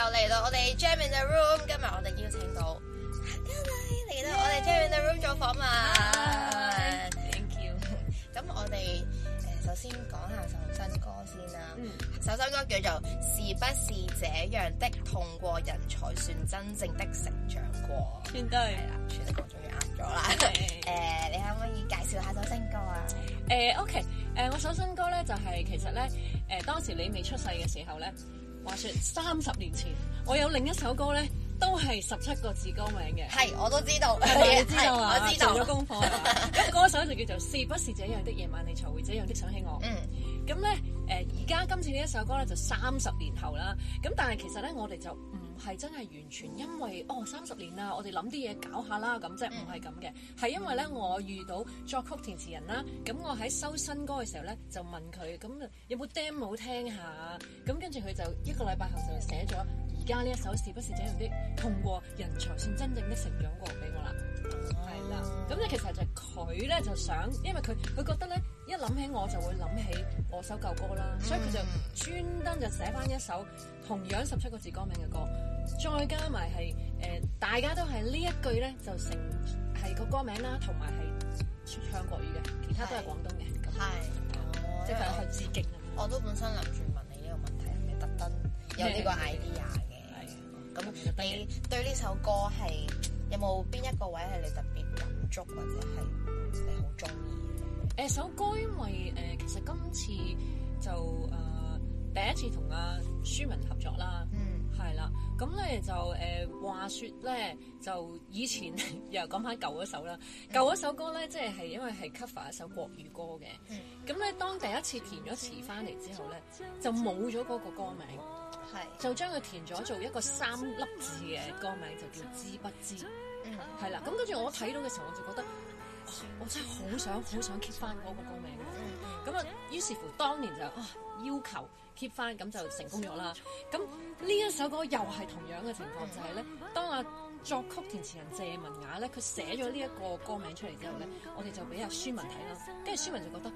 又嚟到我哋 Jam in the Room，今日我哋邀請到家麗，嚟到我哋 Jam in the Room 做訪問。Yeah. 啊、Thank you。咁我哋誒，首先講下首新歌先啦。嗯、首新歌叫做《是不是這樣的痛過人才算真正的成長過》。絕對係啦，全個終於啱咗啦。誒是、 呃，你可唔可以介紹下首新歌啊？誒、呃、，OK、呃。誒，我首新歌咧就係其實咧，誒、呃，當時你未出世嘅時候咧。話說三十年前，我有另一首歌咧，都係十七個字歌名嘅，係我都知道，係、哦、我知道啊，做咗功課。 歌手就叫做《是不是這樣的夜晚你才會這樣的想起我》嗯呃我。嗯，咁咧，誒，而家今次呢一首歌咧就三十年後啦。咁但係其實咧，我哋就唔。係真係完全因為，哦，三十年啦，我哋諗啲嘢，搞下啦，咁即係，唔係咁嘅，係因為咧，我遇到作曲填詞人啦，咁我喺收新歌嘅時候咧就問佢，咁、嗯、有冇 demo 聽下，咁跟住佢就一個禮拜後就寫咗而家呢一首《是不是這樣的痛過人才算真正的成長過》俾我啦。咁咧，嗯、其實就係佢咧就想，因為佢佢覺得咧，一諗起我就會諗起我首舊歌啦，嗯、所以佢就專登就寫返一首同樣十七個字歌名嘅歌，再加埋係誒大家都係呢一句咧就成係個歌名啦，同埋係唱國語嘅，其他都係廣東嘅，係即係去致敬我。我都本身諗住問你呢個問題，係咪你特登有呢個 idea 嘅，咁你對呢首歌係有冇邊一個位係你特別？足或者係你好中意誒首歌，因為誒、呃、其實今次就誒、呃、第一次同阿、啊、舒文合作啦，嗯，係啦，咁咧就誒、呃、話説咧，就以前 又講翻舊嗰首啦，嗯、舊嗰首歌咧，即係係因為係 cover 一首國語歌嘅，咁咧、嗯、當第一次填咗詞翻嚟之後咧，就冇咗嗰個歌名，係、嗯、就將佢填咗做一個三粒字嘅歌名，嗯、就叫知不知。係啦，咁跟住我睇到嘅時候，我就覺得、哦、我真係好想好想 keep 翻我個歌名，咁、嗯、啊，於是乎當年就啊、哦、要求 keep 翻，咁就成功咗啦。咁、嗯、呢一首歌又係同樣嘅情況，就係、是、咧，當阿、啊、作曲填詞人謝文雅咧，佢寫咗呢一個歌名出嚟之後咧，我哋就俾阿舒文睇啦，跟住舒文就覺得，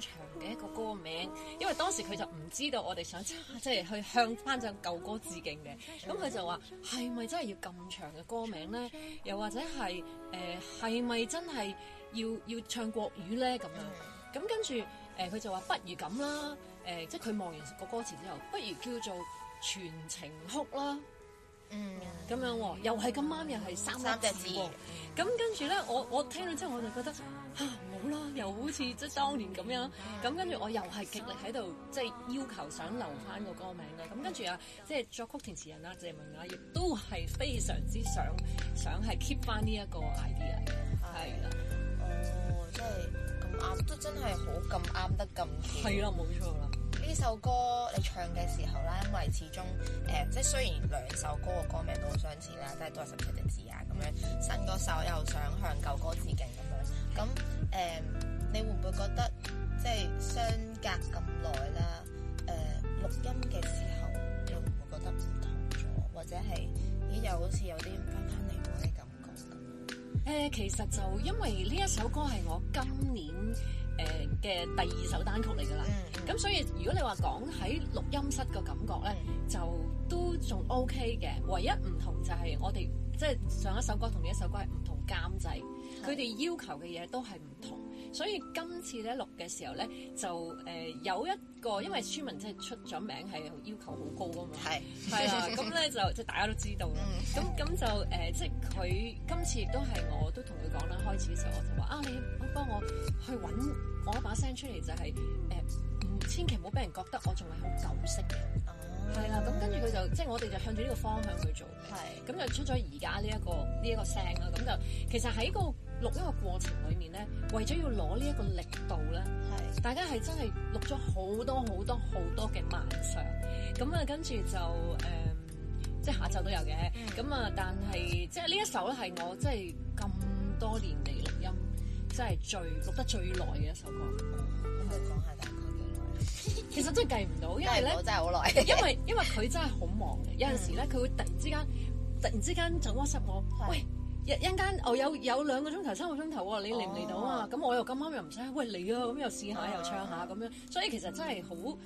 長嘅一個歌名，因為當時佢就唔知道我哋想即係去向翻隻舊歌致敬嘅，咁佢、嗯嗯、就話係咪真係要咁長嘅歌名咧？又或者係誒，係、呃、咪真係要要唱國語咧？咁樣咁、嗯、跟住誒，佢、呃、就話不如咁啦，誒、呃，即係佢望完個歌詞之後，不如叫做全程哭啦、嗯，嗯，咁樣又係咁啱，又係三三隻字，咁跟住咧，我我，我聽到之後我就覺得、啊啦，又好似即係當年咁樣，咁、嗯、跟住我又係極力喺度即係要求想留翻個歌名啦。咁、嗯、跟住啊，即、就、係、是、作曲填詞人啦、啊，謝文雅、啊、亦都係非常之想想係 keep 翻呢一個 idea。嘅、嗯。係啦的，哦，即係咁啱，都真係好咁啱得咁。係啦，冇、嗯、錯啦。呢首歌你唱嘅時候啦，因為始終誒、呃、即係雖然兩首歌嘅歌名都好相似啦，但係都係十七隻字啊咁樣。新歌手又想向舊歌致敬咁樣咁。的誒，um, 你會唔會覺得即係相隔咁耐啦？誒、呃，錄音嘅時候，你會唔會覺得唔同咗，或者係咦，又好似有啲翻翻嚟嗰啲感覺咁？誒、呃，其實就因為呢一首歌係我今年誒嘅、呃、第二首單曲嚟噶啦，咁、嗯嗯、所以如果你話講喺錄音室嘅感覺咧，嗯、就都仲 OK 嘅，唯一唔同就係我哋即係上一首歌同呢一首歌係唔同監製。佢哋要求嘅嘢都係唔同，所以今次咧錄嘅時候咧，就誒、呃、有一個因為村民即係出咗名係要求好高啊嘛，係係啊，咁咧就即係大家都知道啦，咁咁 就誒、呃、即係佢今次亦都係我都同佢講啦，開始嘅時候我就話啊，你幫我去揾我一把聲出嚟、就係，就係誒千祈唔好俾人覺得我仲係好舊式嘅，係啦，咁跟住佢就即係我哋就向住呢個方向去做，係咁 就出咗而家呢一個呢一個聲啦，咁就其實喺個。錄呢個過程裏面咧，為咗要攞呢一個力度咧，係的大家係真係錄咗好多好多好多嘅晚上，咁啊跟住就誒，即、嗯、係、就是、下晝都有嘅，咁啊、嗯、但係即係呢一首咧，係我真係咁多年嚟錄音，真係最錄得最耐嘅一首歌。咁就講下大概幾耐？其實真係計唔到，因為咧，真係好耐。因為因為佢真係好忙 有陣時咧佢會突然之間，突然之間就 WhatsApp 我，的喂。一陣間哦，有有兩個鐘頭、三個鐘頭喎，你嚟唔嚟到啊？咁、哦、我又咁啱又唔使，喂嚟啊！咁又試下，又唱下咁樣，所以其實真係好，嗯、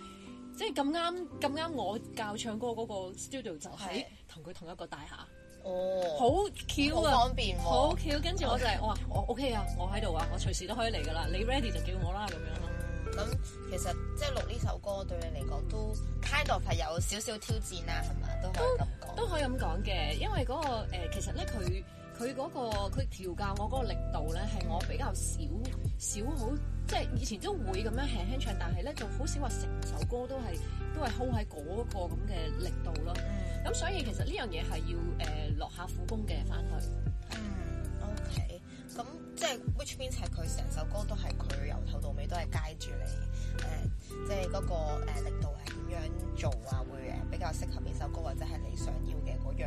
即係咁啱咁啱，我教唱歌嗰個 studio 就係同佢同一個大廈，哦，好巧好方便，啊，好巧。跟住、嗯、我就係我話，我 OK 啊，我喺度啊，我隨時都可以嚟噶啦。你 ready 就叫我啦咁樣咯。咁、嗯、其實即係錄呢首歌對你嚟講都 kind of 係有少少挑戰啊，係嘛？都都可以咁講嘅，因為嗰、那個其實咧佢。佢嗰，那個佢調教我嗰個力度咧，係我比較少少好，即係以前都會咁樣輕輕唱，但係咧就好少話成首歌都係都係 hold 喺嗰個咁嘅力度咯。嗯，咁所以其實呢樣嘢係要誒落、呃、下苦功嘅翻去。嗯，OK，咁即係 which means 佢成首歌都係佢由頭到尾都係街住你誒，嗯、即係嗰，那個、呃、力度係點樣做啊？會誒比較適合呢首歌，或者係你想要嘅嗰樣。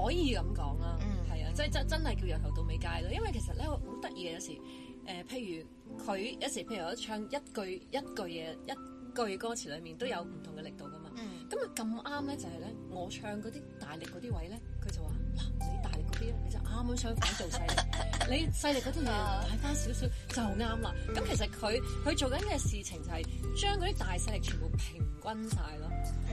可以咁講啦，係啊、嗯，即係真真係叫由頭到尾戒咯。因為其實咧好得意嘅，有時有，誒、呃、譬如佢有時，譬如我唱一句一句嘢，一句歌詞裡面都有唔同嘅力度噶嘛。咁啊咁啱咧就係、是、咧我唱嗰啲大力嗰啲位咧，佢就話：嗱，你力大力嗰啲，你就啱啱相反做細力，你細力嗰啲嘢擺翻少少。就啱啦，咁其實佢佢做緊嘅事情就係將嗰啲大勢力全部平均晒咯，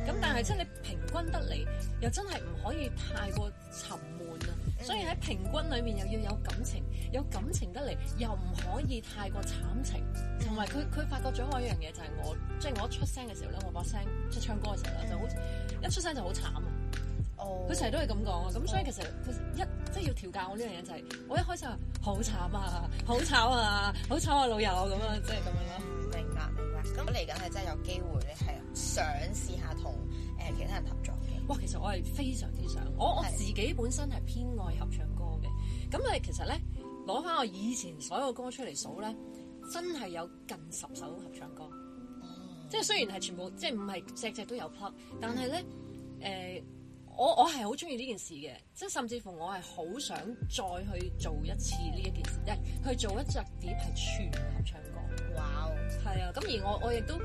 咁、嗯、但係即係你平均得嚟又真係唔可以太過沉悶啊，嗯、所以喺平均裏面又要有感情，有感情得嚟又唔可以太過慘情，同埋佢佢發覺掌握一樣嘢就係、是、我，即、就、係、是、我一出聲嘅時候咧，我把聲即係唱歌嘅時候、嗯、就好一出聲就好慘啊，佢成日都係咁講啊，咁所以其實佢一。即係要調教我呢樣嘢就係、是，我一開始話好慘啊，好慘啊，好慘啊，啊，老友咁啊，即係咁樣咯、就是。明白，明白。咁嚟緊係真係有機會咧，係想試下同誒其他人合作嘅。哇，其實我係非常之想，我我自己本身係偏愛合唱歌嘅。咁啊的，其實咧，攞翻我以前所有歌出嚟數咧，真係有近十首合唱歌。哦、嗯。即係雖然係全部，即係唔係隻隻都有 part，但係咧，誒、嗯。呃我我係好中意呢件事嘅，即係甚至乎我係好想再去做一次呢一件事，即係去做一隻碟係全合唱歌。哇哦 Wow.！係啊，咁而我我亦都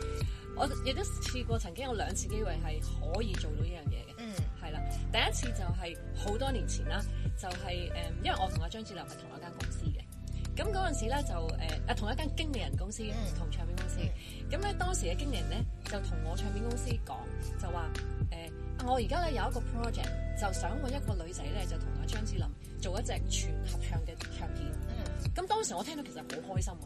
我亦都試過，曾經有兩次機會係可以做到呢樣嘢嘅。嗯、mm，係、hmm. 啦，第一次就係好多年前啦，就係、是、誒、嗯，因為我同阿張智霖係同一間公司嘅，咁嗰陣時咧就誒啊、呃、同一間經理人公司、mm hmm. 同唱片公司，咁咧、mm hmm. 當時嘅經理人咧就同我唱片公司講，就話。我而家咧有一個 project，就想揾一個女仔咧，就同阿張智霖做一隻全合唱嘅唱片。咁、mm hmm. 當時我聽到其實好開心啊。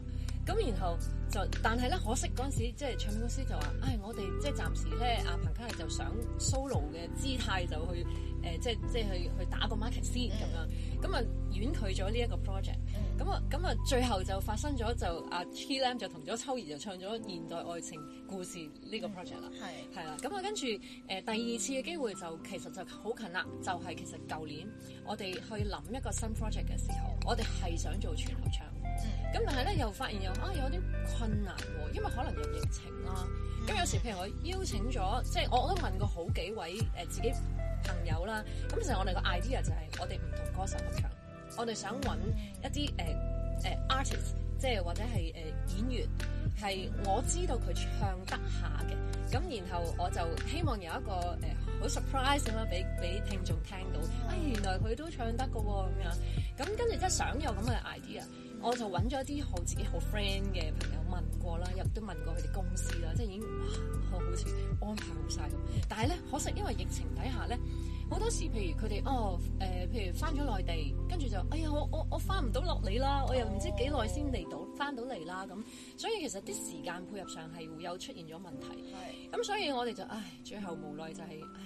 咁然後就，但係咧可惜陣時即係唱片公司就話唉、哎、我哋即係暫時咧阿彭家麗就想 solo 嘅姿態就去誒、呃、即係即係去去打個 market 先咁、嗯、樣咁啊婉拒咗呢一個 project。咁啊咁啊最後就發生咗就阿 T Lam 就同咗秋怡就唱咗現代愛情故事呢個 project 啦、嗯。係係啦，咁啊跟住誒第二次嘅機會就其實就好近啦，就係、是、其實舊年我哋去諗一個新 project 嘅時候，我哋係想做全合唱。咁但係咧，又發現又啊，有啲困難、啊，因為可能有疫情啦、啊。咁有時譬如我邀請咗，即係我我都問過好幾位誒、呃、自己朋友啦。咁、嗯、其實我哋個 idea 就係我哋唔同歌手合唱，我哋想揾一啲誒誒 artist，即係或者係誒、呃、演員，係我知道佢唱得下嘅。咁然後我就希望有一個誒好 surprise 咁樣俾俾聽眾聽到，啊原來佢都唱得噶咁、啊、樣。咁跟住即係想有咁嘅 idea。我就揾咗啲好自己好 friend 嘅朋友問過啦，亦都問過佢哋公司啦，即係已經哇，好似安排好晒咁。但係咧，可惜因為疫情底下咧，好多時譬如佢哋哦誒、呃，譬如翻咗內地，跟住就哎呀，我我我翻唔到落嚟啦，我又唔知幾耐先嚟到翻到嚟啦咁。所以其實啲時間配合上係會有出現咗問題。係咁的，所以我哋就唉，最後無奈就係、是、唉，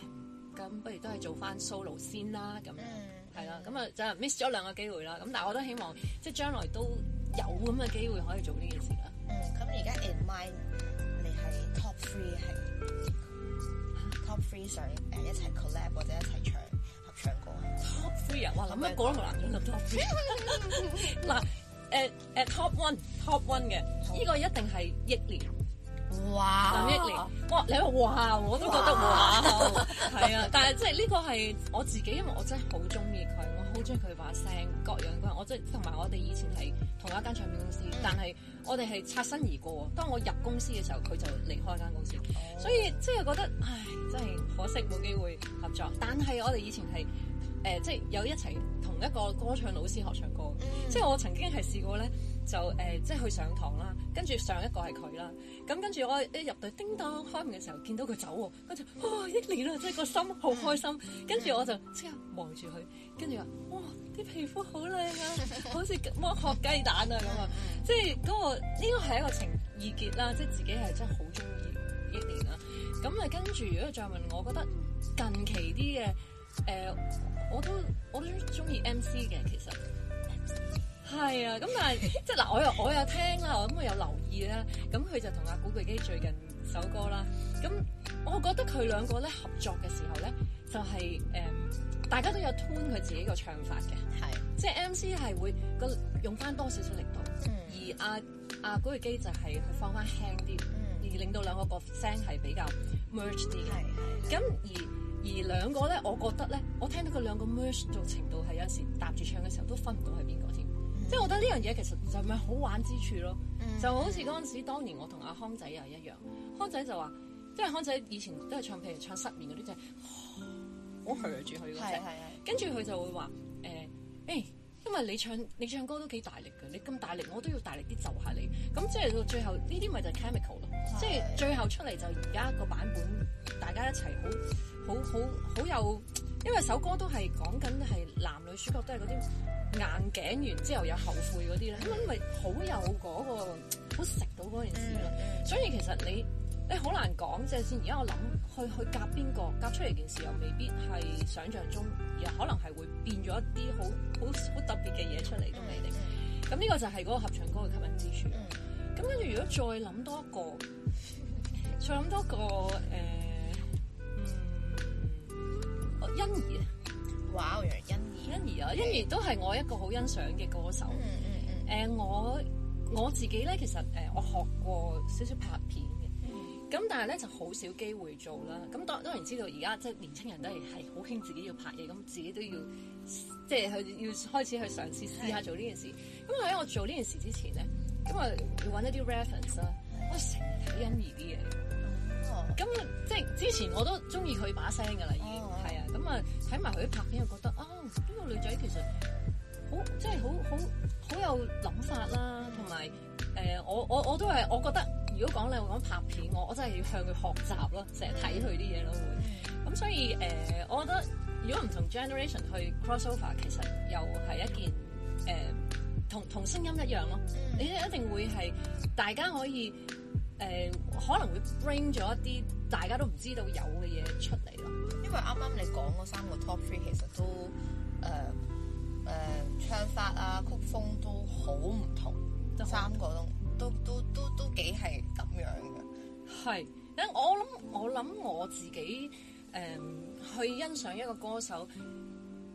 咁不如都係做翻 solo 先啦咁樣。係啦，咁啊就 miss 咗兩個機會啦。咁但係我都希望即係將來都有咁嘅機會可以做呢件事啦。嗯，咁而家 in mind 我哋係 top three 係、啊、top three 想誒、uh, 一齊 collab 或者一齊唱合唱歌 t o p three 啊？哇，諗一個都好難。諗 top three 嗱誒誒 top one top one 嘅呢好個一定係憶蓮哇，林憶蓮。你話哇，我都覺得哇，係啊哇 但係即係呢個係我自己，因為我真係好中意佢，我好中意佢把聲，各樣各樣，我真係同埋我哋以前係同一間唱片公司，嗯、但係我哋係擦身而過。當我入公司嘅時候，佢就離開間公司，哦、所以即係覺得唉，真係可惜冇機會合作。但係我哋以前係誒，即、呃、係、就是、有一齊同一個歌唱老師學唱歌，即係、嗯、我曾經係試過咧，就誒即係去上堂啦，跟住上一個係佢啦。咁跟住我一入到叮當開門嘅時候，見到佢走，跟住哇，憶蓮啊！即係個心好開心。跟住我就即刻望住佢，跟住話，哇，啲皮膚好靚啊，好似剝殼雞蛋啊咁啊！即係、嗰個呢個係一個情意結啦，即係自己係真係好中意憶蓮啦。咁啊，跟住如果再問我，覺得近期啲嘅誒我都我都中意 MC 嘅，其實係啊。咁但係即係嗱，我又我又聽啦，我咁我又留意。二啦，咁佢就同阿古巨基最近首歌啦。咁我覺得佢兩個咧合作嘅時候咧，就係、是、誒、呃、大家都有 tune 佢自己個唱法嘅，係是的，即係 MC 係會個用翻多少少力度，嗯而、啊，而阿阿古巨基就係去放翻輕啲，嗯，而令到兩個個聲係比較 merge 啲，係係是的，咁而而兩個咧，我覺得咧，我聽到佢兩個 merge 到程度係有陣時搭住唱嘅時候都分唔到係邊個添。即係我覺得呢樣嘢其實就咪好玩之處咯，嗯、就好似嗰陣時，嗯、當年我同阿康仔又一樣，嗯、康仔就話，即係康仔以前都係唱譬如唱失眠嗰啲就係好 hold 住佢嘅啫，跟住佢、嗯、就會話，誒、嗯欸，因為你唱你唱歌都幾大力㗎，你咁大力我都要大力啲就下你，咁即係到最後呢啲咪就係 chemical 咯、嗯，即係最後出嚟就而家個版本大家一齊好好好好，好，好，好，好，好，好有。因為首歌都係講緊係男女主角都係嗰啲硬頸，完之後有後悔嗰啲咧，因為好有嗰、嗰個好食到嗰件事啦。所以其實你你好難講，即係先。而家我諗去去夾邊個夾出嚟件事，又未必係想象中，又可能係會變咗一啲好好好特別嘅嘢出嚟都未定。咁呢、嗯、個就係嗰個合唱歌嘅吸引之處。咁跟住如果再諗多一個，再諗多個誒。呃欣兒啊，哇，原來欣兒，欣兒啊，欣兒都係我一個好欣賞嘅歌手。嗯嗯嗯。誒，我我自己咧，其實誒，我學過少少拍片嘅。嗯。咁但係咧就好少機會做啦。咁當當然知道而家即係年輕人都係係好興自己要拍嘢，咁自己都要即係去要開始去嘗試試下做呢件事。咁喺我做呢件事之前咧，咁啊要揾一啲 reference 啦。我成日睇欣兒啲嘢。咁即係之前我都中意佢把聲噶啦，已經。係、嗯、啊，咁啊睇埋佢啲拍片又覺得啊，呢個女仔其實好即係好好好有諗法啦，同埋誒我我我都係我覺得如果講你講拍片我我真係要向佢學習咯，成日睇佢啲嘢咯會，咁、嗯、所以誒、呃、我覺得如果唔同 generation 去 cross over 其實又係一件誒、呃、同同聲音一樣咯，你一定會係大家可以。誒、呃、可能會 bring 咗一啲大家都唔知道有嘅嘢出嚟啦，因為啱啱你講嗰三個 top three 其實都誒誒、呃呃、唱法啊、曲風都好唔同，很三個都都都都都幾係咁樣嘅。係，我諗我諗我自己誒、呃、去欣賞一個歌手誒、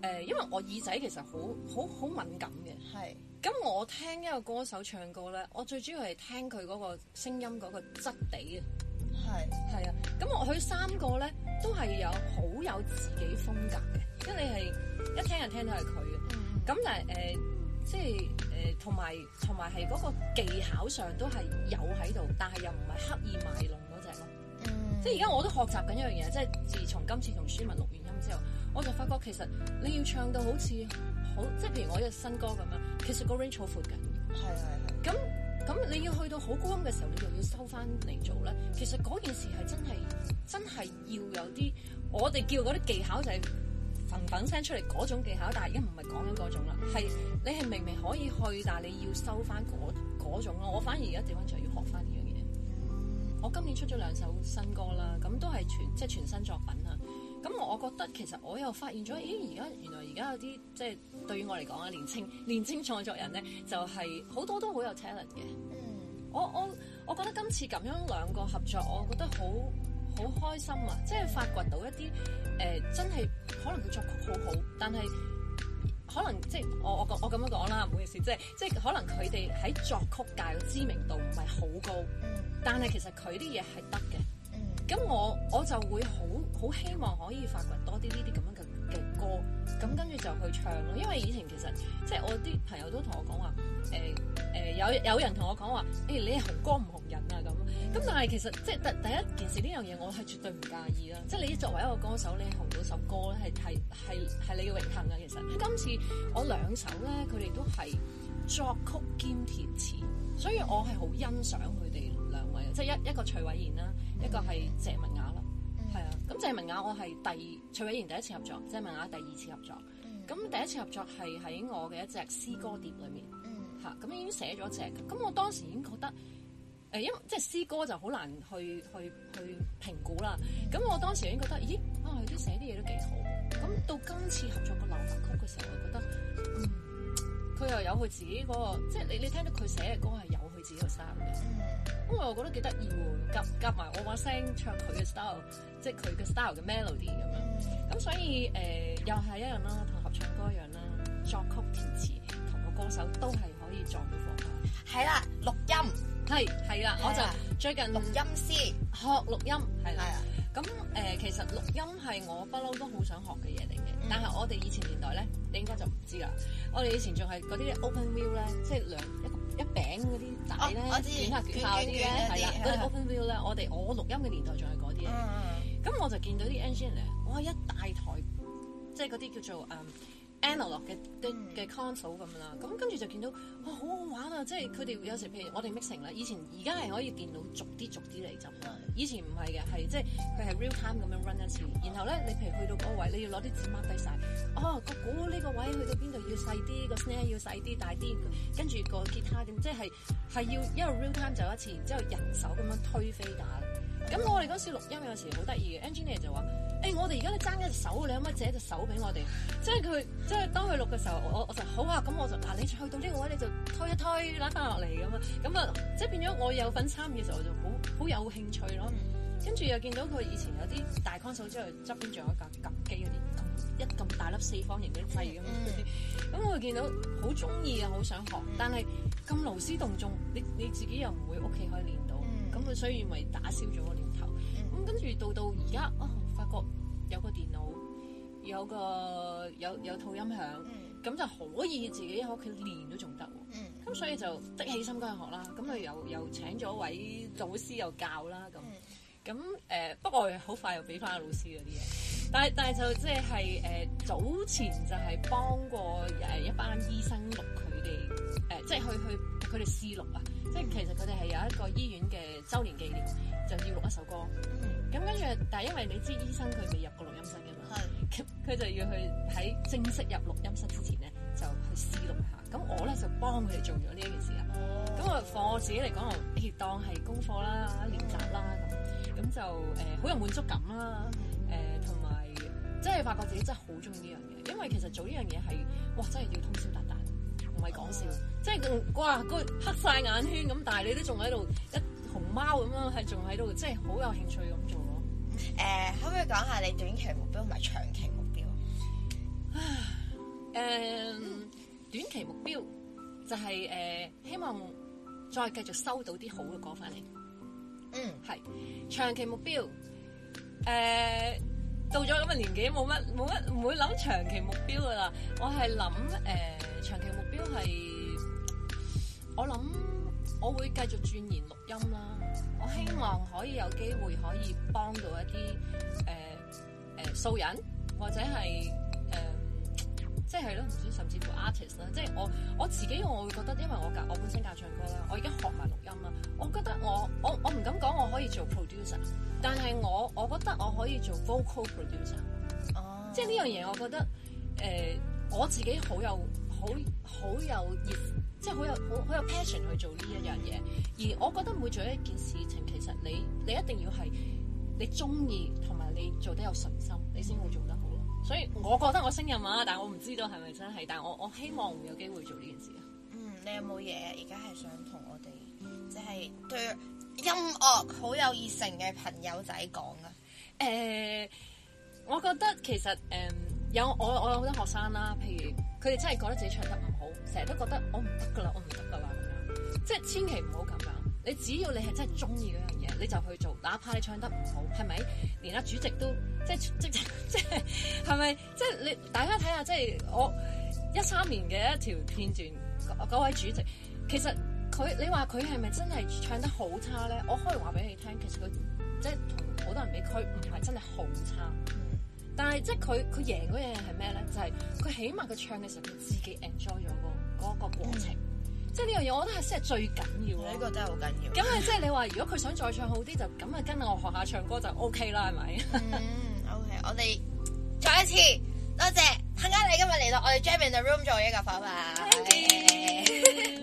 呃，因為我耳仔其實好好好敏感嘅，係。咁我聽一個歌手唱歌咧，我最主要係聽佢個聲音個質地啊，係係啊。咁我佢三個咧都係有好有自己風格嘅，因為你係一聽一聽都係佢嘅。咁但係誒，即係誒，同埋同埋係個技巧上都係有喺度，但係又唔係刻意賣弄嗰隻咯。即係而家我都學習緊一樣嘢，即係自從今次同舒文錄完音之後，我就發覺其實你要唱到好似好，即係譬如我一隻新歌咁樣。其實個 range 好闊㗎，係係係。咁 咁你要去到好高音嘅時候，你又要收翻嚟做咧。其實嗰件事係真係真係要有啲，我哋叫嗰啲技巧就係嘭嘭聲出嚟嗰種技巧，但係而家唔係講緊嗰種啦，係你係明明可以去，但係你要收翻嗰種咯。我反而而家地方就要學翻呢樣嘢。我今年出咗兩首新歌啦，咁都係全即係全新作品啦。咁我覺得其實我又發現咗，咦、欸，而家原來而家有啲即係對於我嚟講啊，年青年青創作人咧，就係好多都好有 talent 嘅。嗯，我我我覺得今次咁樣兩個合作，我覺得好好開心啊！即係發掘到一啲誒，真係可能佢作曲好好，但係可能即係我我我咁樣講啦，唔好意思，即係即係可能佢哋喺作曲界嘅知名度唔係好高，嗯，但係其實佢啲嘢係得。咁我我就會好好希望可以發掘多啲呢啲咁樣嘅嘅歌，咁跟住就去唱咯。因為以前其實即係我啲朋友都同我講話，誒誒有有人同我講話，誒你係紅歌唔紅人啊，咁。咁但係其實即係第第一件事呢樣嘢，我係絕對唔介意啦。即係你作為一個歌手你紅到首歌咧，係係係係你嘅榮幸啊。其實今次我兩首咧，佢哋都係作曲兼填詞，所以我係好欣賞。即係一一個徐偉賢啦，一個係謝文雅啦，係啊、嗯。咁謝文雅我係第徐偉賢第一次合作，謝文雅第二次合作。咁、嗯、第一次合作係喺我嘅一隻詩歌碟裏面，嚇咁、嗯、已經寫咗一隻。咁我當時已經覺得，誒、欸、因為即係詩歌就好難去去去評估啦。咁我當時已經覺得，咦啊佢都寫啲嘢都幾好。咁到今次合作個流行曲嘅時候，我覺得。嗯佢又有佢自己嗰、那個，即係你你聽到佢寫嘅歌係有佢自己個 style 嘅，咁、嗯、我又覺得幾得意喎，夾夾埋我把聲唱佢嘅 style，即係佢嘅 style 嘅 melody 咁、嗯、樣，咁所以誒、呃、又係一樣啦，同合唱歌一樣啦，作曲填詞同個歌手都係可以撞到火花。係啦，錄音係係啦，啦我就最近錄音師學錄音係啦，咁誒啦、呃、其實錄音係我不嬲都好想學嘅嘢嚟嘅，但係我哋以前年代咧，你應該就唔知啦。我哋以前仲係嗰啲 open view 咧，即係兩一一餅嗰啲仔咧，啊、捲下捲下啲咧，嗰啲 open view 咧，我哋我錄音嘅年代仲係嗰啲咧，咁、嗯、我就見到啲 engineer，哇，一大台，即係嗰啲叫做啊。Um, analogue 嘅嘅 console 咁樣啦，咁跟住就見到哇、哦，好好玩啊！即係佢哋有時譬如我哋 mixing 啦以前而家係可以見到逐啲逐啲嚟，浸以前唔係嘅，係即係佢係 real time 咁樣 run 一次，然後咧你譬如去到個位，你要攞啲紙 mark 低晒，哦個鼓呢個位去到邊度要細啲，個 snare 要細啲大啲，跟住個吉他點即係係要因為 real time 就一次，然之後人手咁樣推飛打。咁我哋嗰時錄音有時好得意嘅，engineer 就話：誒、欸，我哋而家都爭一隻手，你可唔可以借一隻手俾我哋？ 即係佢，即係當佢錄嘅時候，我我就好啊。咁我就嗱、啊，你去到呢個位，你就推一推，拉翻落嚟咁啊。咁啊，即係變咗我有份參與嘅時候，我就好好有興趣咯。跟住又見到佢以前有啲大框手之外，側邊仲有一架撳機嗰啲，一咁大粒四方形嘅掣咁嗰啲。咁 我就見到好中意啊，好想學，但係咁勞師動眾，你你自己又唔會屋企可以練。咁所以咪打消咗個念頭，咁跟住到到而家啊，發覺有個電腦，有個有有套音響，咁、嗯、就可以自己喺屋企練都仲得喎。咁、嗯、所以就的起心肝去學啦。咁又、嗯、又請咗位老師又教啦咁。咁誒、嗯呃、不過好快又俾翻個老師嗰啲嘢。但係但係就即係誒早前就係幫過誒一班醫生錄佢哋誒，即係去去佢哋試錄啊。即係其實佢哋係有一個醫院嘅周年紀念，就要錄一首歌。咁跟住，但係因為你知醫生佢未入過錄音室㗎嘛，佢佢就要去喺正式入錄音室之前咧，就去試錄下。咁我咧就幫佢哋做咗呢一件事啦。咁啊，放我自己嚟講，我亦當係功課啦、練習啦咁，咁就誒好有滿足感啦，誒同埋即係發覺自己真係好中意呢樣嘢，因為其實做呢樣嘢係，哇，真係要通宵達旦。唔係講笑，即係哇，個黑晒眼圈咁，但係你都仲喺度，一熊貓咁樣係，仲喺度，即係好有興趣咁做咯。誒、呃，可唔可以講下你短期目標同埋長期目標？誒，呃嗯、短期目標就係、是、誒、呃，希望再繼續收到啲好嘅歌返嚟。嗯，係。長期目標，誒、呃。到咗咁嘅年紀，冇乜冇乜，唔會諗長期目標噶啦。我係諗誒，長期目標係我諗，我會繼續鑽研錄音啦。我希望可以有機會可以幫到一啲誒誒素人或者係。即係咯，甚至乎 artist 啦，即係我我自己，我會覺得，因為我教我本身教唱歌啦，我而家學埋錄音啊，我覺得我我我唔敢講我可以做 producer，但係我我覺得我可以做 vocal producer。哦，即係呢樣嘢，我覺得誒、呃、我自己好有好好有熱，即係好有好好有 passion 去做呢一樣嘢。而我覺得每做一件事情，其實你你一定要係你中意同埋你做得有信心。我覺得我勝任啦，但我唔知道係咪真係，但我我希望有機會做呢件事啊。嗯，你有冇嘢而家係想同我哋即係對音樂好有熱誠嘅朋友仔講啊？誒、嗯，我覺得其實誒、嗯、有我我有好多學生啦，譬如佢哋真係覺得自己唱得唔好，成日都覺得我唔得噶啦，我唔得噶啦咁樣，即係千祈唔好咁樣。你只要你係真係中意嗰樣嘢，你就去做，哪怕你唱得唔好，係咪？連阿主席都即係即即係係咪？即係你大家睇下，即係我一三年嘅一條片段，嗰位主席其實佢你話佢係咪真係唱得好差咧？我可以話俾你聽，其實佢即係同好多人比，佢唔係真係好差。嗯、但係即係佢佢贏嗰樣嘢係咩咧？就係、係、佢起碼佢唱嘅時候，佢自己 enjoy 咗、嗰個、嗰個過程。嗯。即係呢樣嘢，我覺得係真係最緊要。呢個真係好緊要。咁啊，即係你話，如果佢想再唱好啲，就咁啊，跟我學下唱歌就 OK 啦，係咪？ 嗯，OK。我哋再一次多謝彭家麗你今日嚟到我哋 Jam in the Room 做一個訪問。多謝。